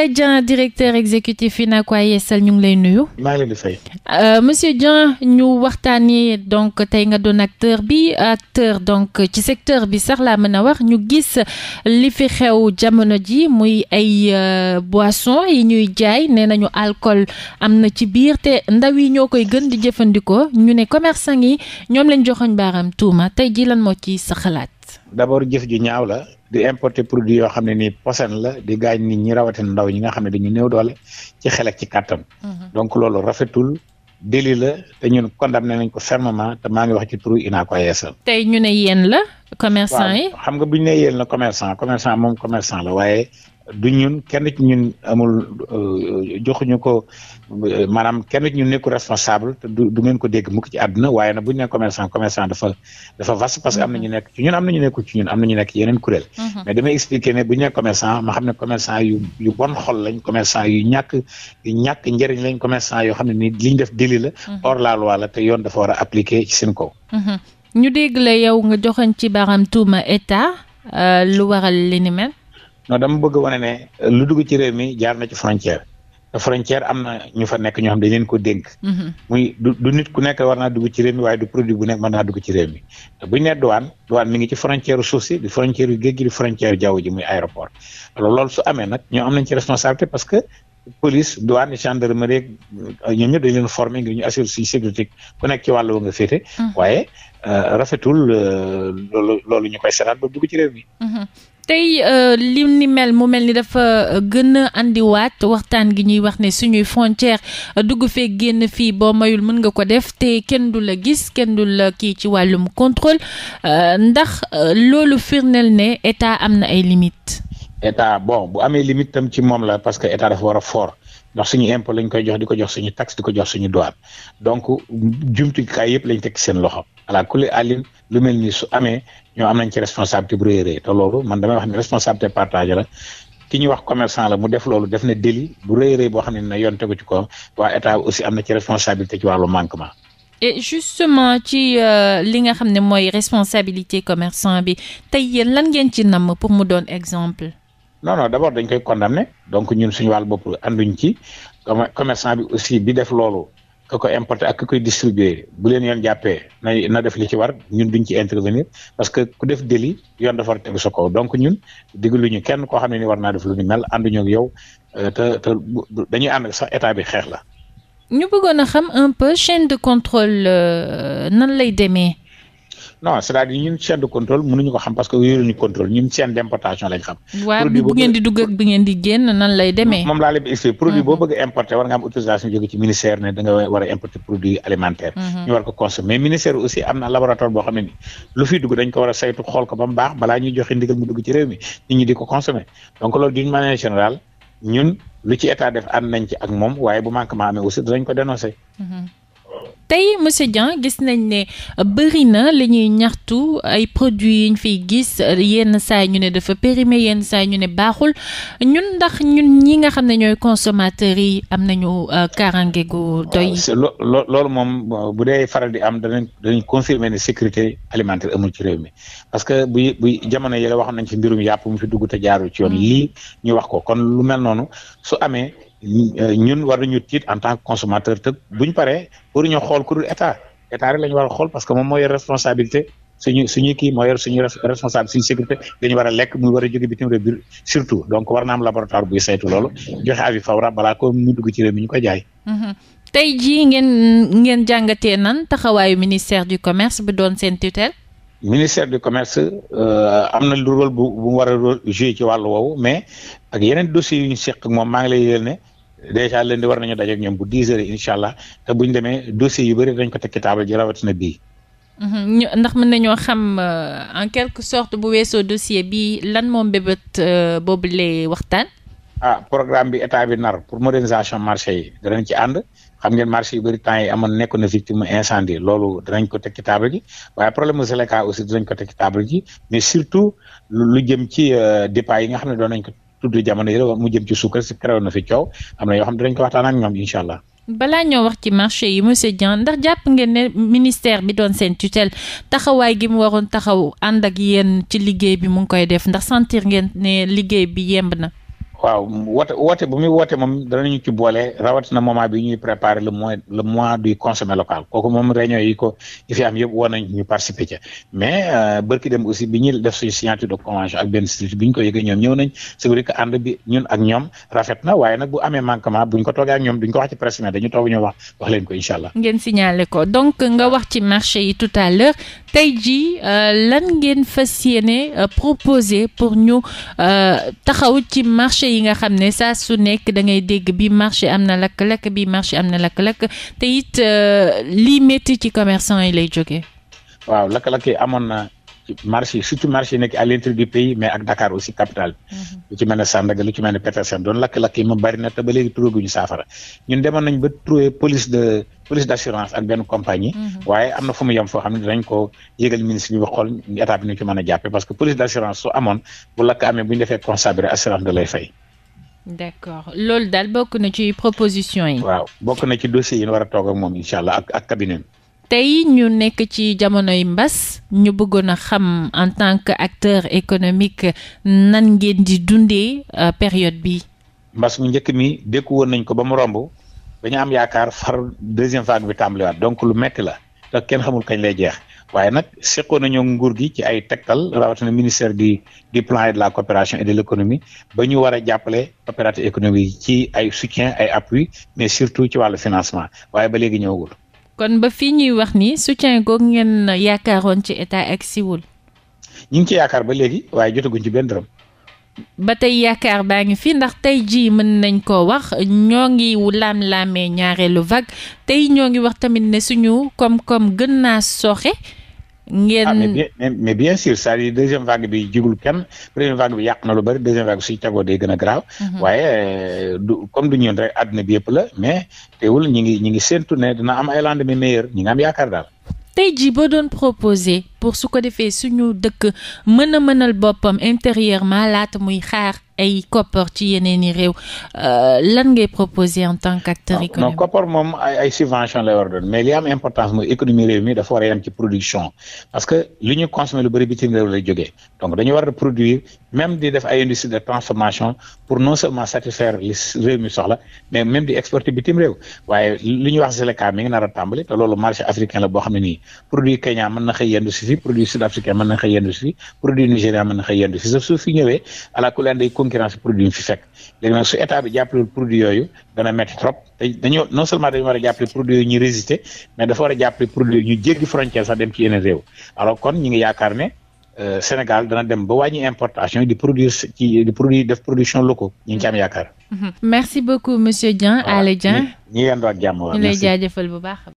Abdoulaye Dieng directeur exécutif Unacois Yessal ñu ngi lay nuyu. maa ngi leen euh, monsieur Dieng ñu waxtaanee donc tey nga doon acteur bi acteur donc ci secteur bi sax laa mën a wax ñu gis li fi xew jamono ji muy ay euh, boisson yi ñuy jaay nee nañu alcool am na ci biir te ndaw yi ñoo koy gën di jëfandikoo ñu ne commerçant yi ñoom lañ joxoñ baaraam tuuma tey ji lan moo ci sa xalaat. d'abord jëf ju ñaaw la di importer produit yoo xam ne nii posen la di gaañ nit ñi rawatina ndaw ñi nga xam ne dañu néew doole ci xel ci kàttan mm-hmm. donc loolu rafetul déli te ñun condamné nañ ko fermement te maa ngi wax ci turu inaa ko yeesal tey ñu ne yéen la commerçant yi xam nga bu ne yéen la commerçant commerçant moom commerçant la waaye du ñun kenn ci ñun amul euh, joxuñu ko euh, maanaam kenn ci ñun nekkul responsable du du ngeen ko dégg mukk ci àdduna waaye nag bu ñu commerçant commerçant dafa dafa vaste am na ñu nekk ci ñun am na ñu nekk yeneen kuréel. Mhm. mais damay expliquer ne bu ñu commerçant ma xam ne commerçant yu bon xol lañ commerçant yu ñàkk yu ñàkk lañ commerçant yoo xam ne ni li def délit la. Mhm. hors la loi te yoon dafa war a appliquer ci seen kaw. Mhm. ñu dégg la yow nga joxoon ci baram tuuma euh, non dama bëgg wane ne euh, lu dugg ci réew mi jaar na ci frontière frontière am na ñu fa nekk ñoo xam dañ leen ko dénk. Mhm. muy du du nit ku nekk war naa dugg ci réew mi waaye bu nekk mën naa dugg ci réew mi bu ñu nee douane douane mi ngi ci frontière suuf si di frontière géej gi di frontière jaww ji muy aéroport alors su amee nag ñoo am nañ ci responsabilité parce que police douane gendarmerie euh, ñoom ñëpp dañ leen formé ngir ñu assurer suñu sécurité ku nekk ci wàll wa nga féete. Mhm. waaye euh, rafetul loolu ñu koy seetaan ba dugg ci réew tey euh, li ni mel mu mel ni dafa euh, gën a andiwaat waxtaan gi ñuy wax ne suñuy frontière euh, dugg fee génn fii boo mayul mën nga ko def te kenn du la gis kenn du la kii ci wàllum contrôle ndax loolu firndeel ne état am na ay limites. état boo bu amee limite tam ci moom la parce que état dafa war a fort ndax suñu impôt lañ koy jox di ko jox suñu taxe di ko jox suñu douane donc jumtukaay yëpp lañ teg seen loxo ala kulli àllin lu mel ni su amee ñoo am nañ ci responsabilité bu rëy a rëy te loolu man damay wax ne responsabilité partagée la ki wax commerçant la mu def loolu def na délit bu rëy boo xam ne na yoon tegu ci ko waa état aussi am na ci responsabilité ci wàllu manquement. et justement ci euh, li nga xam ne mooy responsabilité commerçant bi tey yéen lan ngeen ci namm pour mu doon exemple. non non d'abord dañ koy condamné donc ñun suñu wàll bopp ànduñ ci commerçant bi aussi bi def loolu ka ko importer ak ka koy distribuer bu leen yoon jàppee na na def li ci war ñun duñ ci intervenir parce que ku def délit yoon dafa war a tegu sa kaw donc ñun digluñu kenn koo xam ne ni war naa def lu ni mel ànduñu yow euh, te te dañuy ànd ak sax état bi xeex la. ñu bëggoon a xam un peu chaîne de contrôle euh, nan lay demee. non c'est-à-dire ñun chaîne de contrôle mënuñu ko xam parce que yoruñu contrôle ñun chaîne d'importation lañ xam. waa bu bi ngeen produit boo mhm. bëgg importer war nga am autorisation ci ministère ne da nga importer produit alimentaire. Mhm. ñu war ko consommer ministère aussi am na laboratoire boo xam ne ni lu fi dugg dañ ko war saytu xool ko ba mu baax balaa ñuy ndigal mu dugg ci réew mi nit ñi di ko consommer donc loolu d'une manière générale ñun lu tey monsieur Dieng gis nañ ne bëri na li ñuy ñaxtu ay produits yi ñu fiy gis yenn saa ñu ne dafa périmé yenn saa ñu ne baaxul ñun ndax ñun ñi nga xam ne ñooy consommateurs yi am nañu euh, kaaraange gu doy. loolu moom bu dee faral di am danañ danañ confirmer ne sécurité alimentaire amul ci réew mi parce que bu bu jamono yële waxoon nañ ci mbirum yàpp mu fi dugg te jaarul ci yoon hmm. lii ñu wax ko kon lu mel noonu su amee. Euh, ñun war nañu tiit en tant que consommateur buñ paree pour ñu xool ku dul état état rek la ñu xool parce que moom moo yor responsabilité suñu suñu kii moo yor suñu sécurité dañu war a lekk muy war a jóge bitim réew surtout donc war am laboratoire buy saytu loolu joxe avis favorable balaa ko mu dugg ci réew mi ñu koy jaay. Mm-hmm. tey jii ngeen ngeen nan taxawaayu ministère du commerce bi doon seen tutelle. ministère du commerce euh, am na lu rôle bu bu mu war a joué ci wàllu mais ak yeneen dossiers yu ñu seq moom maa ngi dèjà leen di war nañu dajeek ñoom bu dix heures incha allah te ñu demee dossier yu bëri dañ ko tekki taabal ji rawatina bii. Mhm, ñu ndax mën nañoo xam euh, en quelque sorte bu weesoo dossier bi lan moom mbébét euh, boobu lay waxtaan. a ah, programme bi état bi nar pour modernisation marché yi danañ ci ànd xam ngeen marché yu bëri temps yi amoon nekk na victime incendie loolu danañ ko tekki table ji waaye problème aussi danañ ko tekki table ji surtout lu jëm ci euh, dépat yi nga xam ne doon nañ ko. tudd jamono yële mu jëm ci suukar si keroog na fi coow am na yoo xam ne dañ ko waxtaan ñoom incha allah. balaa ñoo wax ci marché yi monsieur Dieng ndax jàpp ngeen ne ministère bi doon seen tutelle taxawaay gi mu waroon taxaw ànd ak yéen ci liggéey bi mu ngi koy def ndax sentir ngeen ne liggéey bi yemb na. waaw woote woote bu muy woote moom danañu ci boole rawatina moment bi ñuy préparer le mois du consommé local kooku moom réunion yi ko yi fi ñu participer ca mais euh, bërki dem aussi def suñu signature de convention ak benn structure ñoom ñëw nañ c'est vrai que ànd bi ñun ak ñoom rafet na waaye nag bu amee manquement buñ ko toogee ak ñoom duñ ko wax ci presse dañu toog ñu wax wax leen ko incha allah. ngeen signalé ko donc nga wax marché yi tout à l'heure tey jii euh, lan ngeen fas yéene euh, proposé pour ñu euh, taxaw ci marché yi nga xam ne saa su nekk da ngay dégg bi marché am na lakk-lakk bi marché am na lakk-lakk te it lii métti ci commercant yi lay jógee. waaw lakk-lakk yi amoon na ci marché surtout marché yi nekk à l'intérieur du pays mais ak Dakar aussi capitale mhm. lu ci mel ne Sandaga lu ci mel ne Petersen doon lakk-lakk yi mu bari na te ba léegi trouvé gu ñu saafara ñun demoon nañ ba trouvé police de. police d'assurance ak benn compagnie. Mhm. waaye am na fu mu yem foo xam ne dinañ ko yëgal ministre bi ba xool état bi nu ci mën a jàppee parce que police d'assurance su amoon bu lakk amee bu ñu defee constat assurance da lay d'accord loolu daal bokk na ci proposition yi. waaw bokk na ci dossier yi ñu war a toog ak moom incha allah ak ak cabinet tey ñu nekk ci jamonoy mbas ñu bëggoon a xam en tant que acteur économique nan ngeen di dundee euh, période bi mbas mu njëkk mi dékku woon nañ ko ba mu romb dañu am yaakaar far deuxième vague bi tàmbaliwaat donc lu metti la kenn xamul kañ lay jeex waaye nag seqoon nañoo nguur gi ci ay tegtal rawatina ministère du du plan et de la coopération et de l' ba ñu war a jàppale coopérative économique yi ci ay soutien ay appui mais surtout ci wàllu financement waaye ba léegi ñëwul kon ba fii ñuy wax ni soutien googu ngeen yaakaaroon ci état ak siwul. ñu ngi ci yaakaar ba léegi waaye jotaguñ ci benn dërëm. ba tey yaakaar baa ngi fi ndax tey jii mën nañ koo wax ñoo ngi laam-laamee ñaareelu vague tey ñoo ngi wax tamit ne suñu comme koom gën naa sooxe. ngeen ah mais bien mais bien sûr cest deuxième vague bi jigul kenn première vague bi yàq na lu bari deuxième vague bi suy tagoo day gën a garaaw. Mhm. waaye euh, du comme du ñun rek àdduna bi yëpp la mais teewul ñi ngi ñi ngi séntu ne dina am ay lendemain meilleur ñi nga am yaakaar daal. tey jii boo doon proposer pour su ko defee suñu dëkk mën a mënal boppam intérieurement laata muy xaar ay e koppar ci yeneen i réew eh, lan ngay proposer en tant qu'acteur économique. non koppar moom ay ay subvention lay war a doon mais li am importance mooy économie réew mi dafa war a yem ci production parce que li ñu consommer lu bëri bitim réew lay jógee donc dañu war a produire même di def ay industrie de transformation pour non seulement satisfaire réew mi soxla mais même di exporter bitim réew waaye li ñuy wax Seleka mi ngi nar a tàmbali te loolu marché africain la boo xam n nii produit concurrence produit yi fi fekk léegi nag su état bi jàppalewul produit yooyu dana métti trop te non seulement dañu war a jàppale produit a produit yooyu ñu jéggi sax dem ci yeneen réew alors kon ñu ngi yaakaar ne euh, Sénégal dana dem ba wàññi importation di produire di produire def production locaux ñu ngi ci mm-hmm. merci beaucoup monsieur Dieng. Alé Dieng ñu ngi lay bu baax.